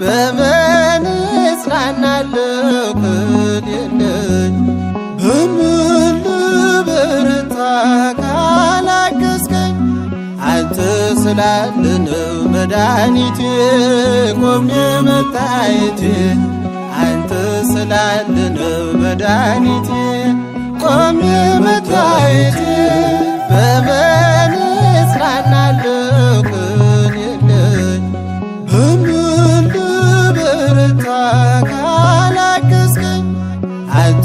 በምን እጽናናለሁ ከሌለኝ በምን ልበረታ ካላገዝከኝ አንተ ስላለ ነው መድኃኒቴ ቆሜ መታየቴ አንተ ስላለ ነው መድኃኒቴ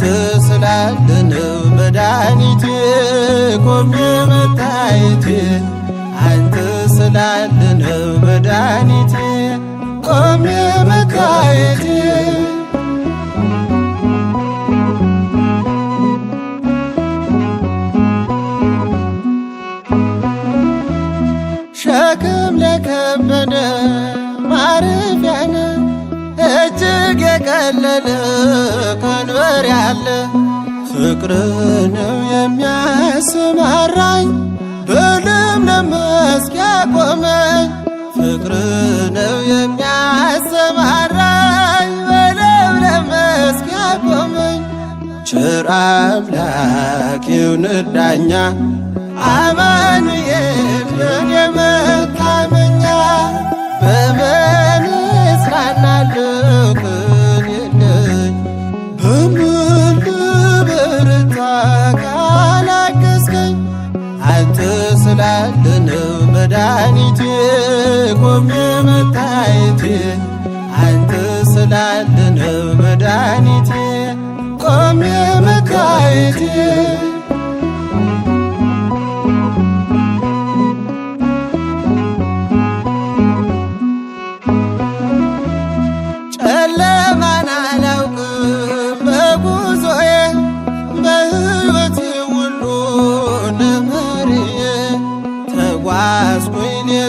ትስላልን መድኃኒቴ ቆሜ መታየቴ አንተ ስላልን መድኃኒቴ ቆሜ መታየቴ ሸክም ለከበደ ማረፊያነ እጅግ የቀለለ ከንበር ያለ ፍቅር ነው የሚያሰማራኝ በለምለም መስክ ያቆመኝ ፍቅር ነው የሚያሰማራኝ በለምለም መስክ ያቆመኝ ቸር አምላክ ይሁንህ አማኑኤል የኔ መታመኛ መድኃኒቴ ቆሜ መታየቴ አንተ መድኃኒቴ ቆሜ መታየቴ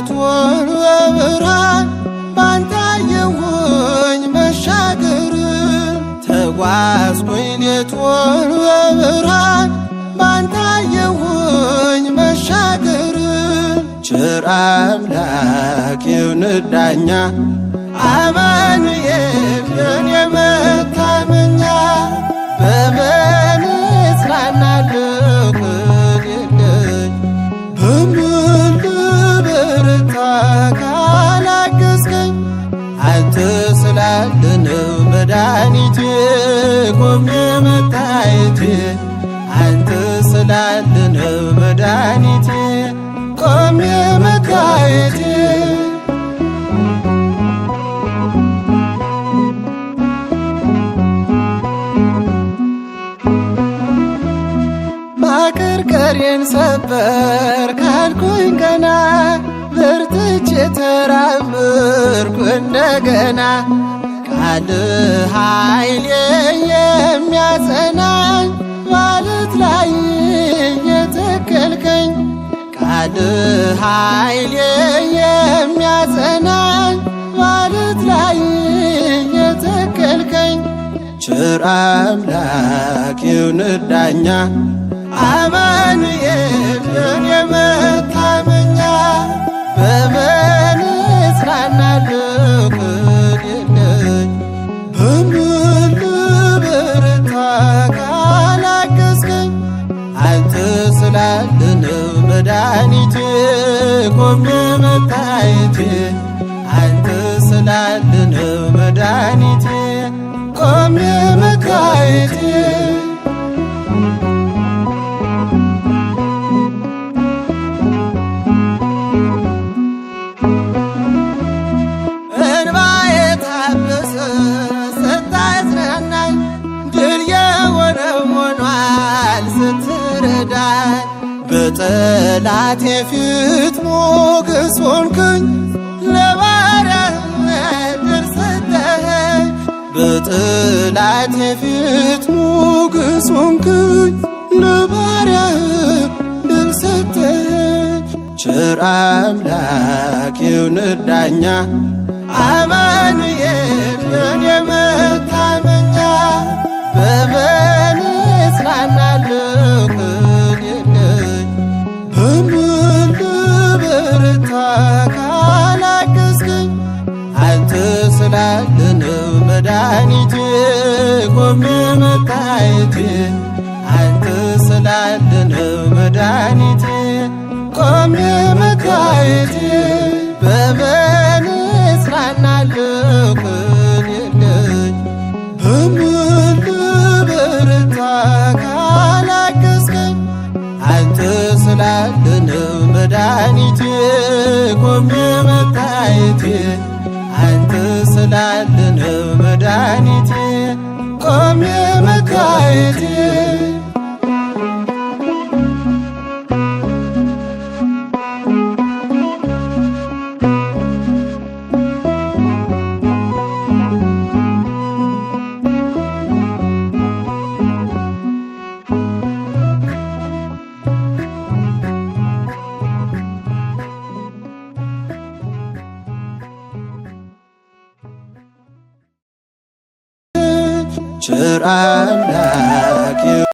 ብርቱን በብርሃን ባንተ መሻገር መሻገርን ተጓዝኩኝ ሌቱን በብርሃን ባንተ አየሁኝ መሻገርን ቸር አምላክ ይሁንህ ዳኛ የኔ መታመኛ በበን እጽናናለሁ መድኃኒቴ ቆሜ መታየቴ አንተ ስላለ ነው መድኃኒቴ ቆሜ መታየቴ ማቀርቀሬን ሰበር ካልኩኝ ገና በርትቼ ተራምርኩ እንደገና ቃል ኃይሌ የሚያጸናኝ ማለት ላይ የተከልከኝ ቃል ኃይሌ የሚያጸናኝ ማለት ላይ የተከልከኝ ቸር አምላክ ይሁንህ ዳኛ አማኑኤል የመታመኛ ይረዳል። በጠላቴ ፊት ሞገስ ሆንክኝ በጠላቴ ፊት ሞገስ ሆንክኝ ለባሪያ ደርሰተ ቸር አምላክ ይሁን ዳኛ አማኑኤል አዳነው መድኃኒቴ ቆሜ መታየቴ አንተ ስላለነው መድኃኒቴ ቆሜ በምን ካላገዝከኝ አንተ ላልንብ መድኃኒቴ ቆሜ መታየቴ ቸር አምላክ